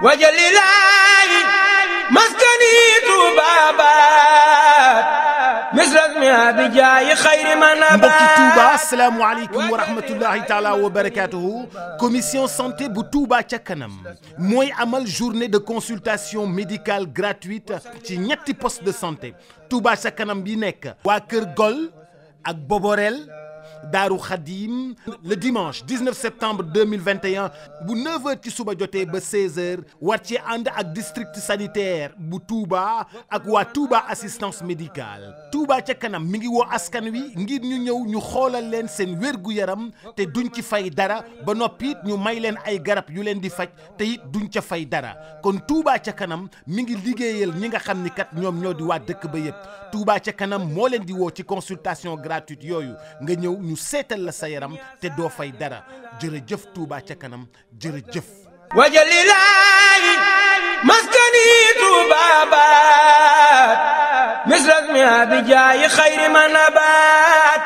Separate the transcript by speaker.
Speaker 1: wajalilaayi maskani Touba baat misras mi abijaayi xayri man abaat mbokki Touba asalaamualeykum wa rahmatullahi taala wa barakaatuhu commission santé bu Touba ca kanam mooy amal journée de consultation médical gratuite ci ñetti poste de santé Touba ca kanam bi nekk waa Kër Gol ak Boborel Daaru Xadim le dimanche 19 septembre 2021 bu 9h ci suba jotee ba 16h war ci ànd ak district sanitaire bu Touba ak waa Touba assistance médicale Touba ca kanam mi ngi woo askan wi ngir ñu ñëw ñu xoolal leen seen wérgu yaram te duñ ci fay dara ba noppi ñu may leen ay garab yu leen di faj te it duñ ca fay dara kon Touba ca kanam mi ngi liggéeyal ñi nga xam ni kat ñoom ñoo di waa dëkk ba yëpp Touba ca kanam moo leen di woo ci consultation gratuite yooyu nga ñu seetal la sa yaram te doo fay dara jërëjëf Touba ca kanam jërëjëf wajalilaayi maskani Touba baat misras mi abijaayi xayri ma nabaat